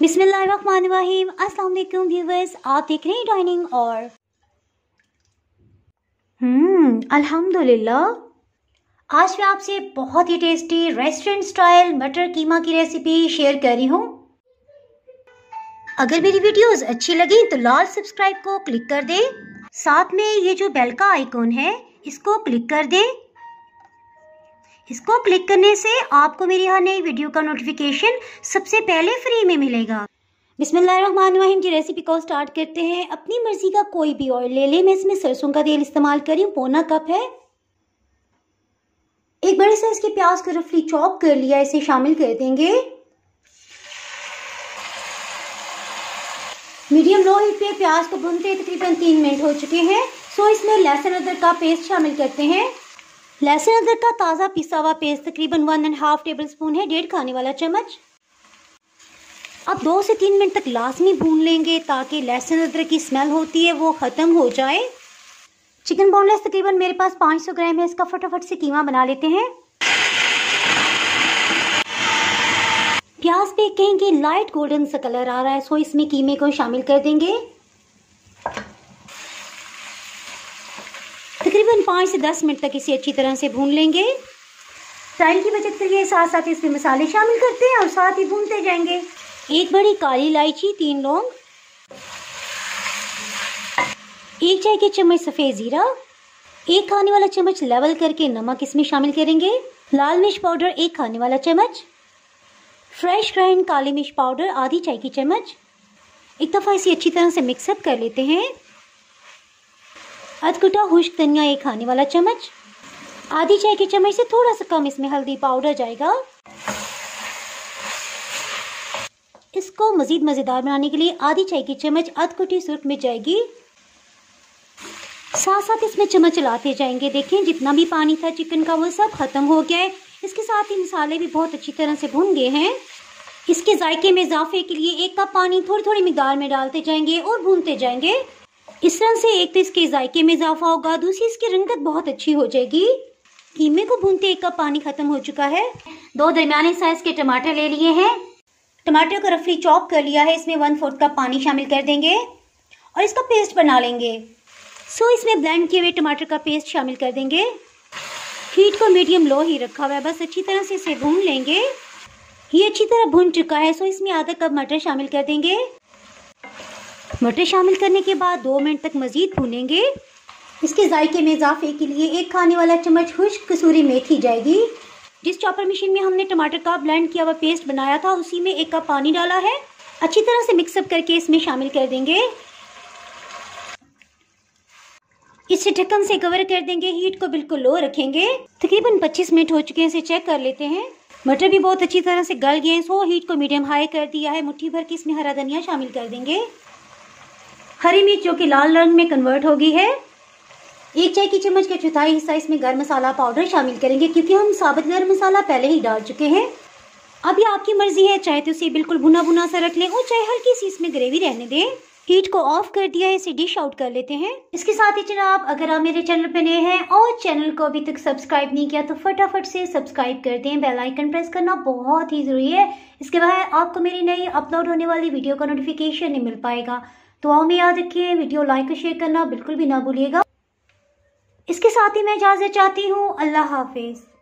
बिस्मिल्लाहिर्रहमानिर्रहीम अस्सलाम वालेकुम व्यूवर्स आप देख रहे हैं डाइनिंग और हम्म अल्हम्दुलिल्लाह आज मैं आपसे बहुत ही टेस्टी रेस्टोरेंट स्टाइल मटर कीमा की रेसिपी शेयर कर रही हूँ अगर मेरी वीडियोस अच्छी लगी तो लाल सब्सक्राइब को क्लिक कर दे साथ में ये जो बेल का आइकॉन है इसको क्लिक कर दे इसको क्लिक करने से आपको मेरी हर नई वीडियो का नोटिफिकेशन सबसे पहले फ्री में मिलेगा बिसमीम की रेसिपी को स्टार्ट करते हैं अपनी मर्जी का कोई भी ऑयल ले ले मैं इसमें सरसों का तेल इस्तेमाल कर रही हूँ पौना कप है एक बड़े साइज के प्याज को रफली चॉप कर लिया इसे शामिल कर देंगे मीडियम लो हीट पे प्याज को भूनते तकरीबन तीन मिनट हो चुके हैं सो इसमें लहसुन अदरक का पेस्ट शामिल करते हैं लहसुन अदरक का ताज़ा पिसा हुआ पेस्ट तकरीबन one and half tablespoon है डेढ़ खाने वाला चम्मच अब दो से तीन मिनट तक लाजमी भून लेंगे ताकि लहसुन अदरक की स्मेल होती है वो ख़त्म हो जाए चिकन बोनलेस तकरीबन मेरे पास 500 ग्राम है इसका फटाफट से कीमा बना लेते हैं प्याज पे कहेंगे लाइट गोल्डन सा कलर आ रहा है सो इसमें कीमे को शामिल कर देंगे तकरीबन पाँच से दस मिनट तक इसे अच्छी तरह से भून लेंगे टाइम की बचत के लिए साथ साथ इसमें मसाले शामिल करते हैं और साथ ही भूनते जाएंगे एक बड़ी काली इलायची तीन लौंग एक चाय के चम्मच सफ़ेद ज़ीरा एक खाने वाला चम्मच लेवल करके नमक इसमें शामिल करेंगे लाल मिर्च पाउडर एक खाने वाला चम्मच फ्रेश ग्राइंड काली मिर्च पाउडर आधी चाय की चम्मच एक दफ़ा इसे अच्छी तरह से मिक्सअप कर लेते हैं अधकुटा खुश्क धनिया एक खाने वाला चम्मच आधी चाय के चम्मच से थोड़ा सा कम इसमें हल्दी पाउडर जाएगा इसको मज़ीद मज़ेदार बनाने के लिए आधी चाय की चम्मच अधकुटी सुर्ख में जाएगी साथ साथ इसमें चम्मच चलाते जाएंगे देखें जितना भी पानी था चिकन का वो सब ख़त्म हो गया है इसके साथ ही मसाले भी बहुत अच्छी तरह से भून गए हैं इसके जायके में इजाफे के लिए एक कप पानी थोड़ी थोड़ी मिदार में डालते जाएंगे और भूनते जाएंगे इस तरह से एक तो इसके जायके में इजाफा होगा दूसरी इसकी रंगत बहुत अच्छी हो जाएगी कीमे को भूनते एक कप पानी खत्म हो चुका है दो दरमियाने साइज के टमाटर ले लिए हैं टमाटर को रफली चॉप कर लिया है इसमें वन फोर्थ कप पानी शामिल कर देंगे और इसका पेस्ट बना लेंगे सो इसमें ब्लेंड किए हुए टमाटर का पेस्ट शामिल कर देंगे हीट को मीडियम लो ही रखा हुआ है बस अच्छी तरह से इसे भून लेंगे ये अच्छी तरह भून चुका है सो इसमें आधा कप मटर शामिल कर देंगे मटर शामिल करने के बाद दो मिनट तक मज़ीद भूनेंगे इसके जायके में इजाफे के लिए एक खाने वाला चम्मच खुश्क कसूरी मेथी जाएगी जिस चॉपर मशीन में हमने टमाटर का ब्लेंड किया हुआ पेस्ट बनाया था उसी में एक कप पानी डाला है अच्छी तरह से मिक्सअप करके इसमें शामिल कर देंगे इसे ढक्कन से कवर कर देंगे हीट को बिल्कुल लो रखेंगे तकरीबन 25 मिनट हो चुके हैं इसे चेक कर लेते हैं मटर भी बहुत अच्छी तरह से गल गए हैं सो हीट को मीडियम हाई कर दिया है मुट्ठी भर के इसमें हरा धनिया शामिल कर देंगे हरी मिर्च जो कि लाल रंग में कन्वर्ट हो गई है एक चाय की चम्मच का चौथाई हिस्सा इसमें गर्म मसाला पाउडर शामिल करेंगे क्योंकि हम साबित गर्म मसाला पहले ही डाल चुके हैं अब ये आपकी मर्जी है चाहे तो इसे बिल्कुल भुना भुना सा रख लें और चाहे हल्की सी इसमें ग्रेवी रहने दें हीट को ऑफ कर दिया है इसे डिश आउट कर लेते हैं इसके साथ ही जनाब अगर आप मेरे चैनल पर नए हैं और चैनल को अभी तक सब्सक्राइब नहीं किया तो फटाफट से सब्सक्राइब कर दें बेल आइकन प्रेस करना बहुत ही जरूरी है इसके बाद आपको मेरी नई अपलोड होने वाली वीडियो का नोटिफिकेशन नहीं मिल पाएगा दुआ तो में याद रखिए वीडियो लाइक और शेयर करना बिल्कुल भी ना भूलिएगा इसके साथ ही मैं इजाज़त चाहती हूँ अल्लाह हाफिज़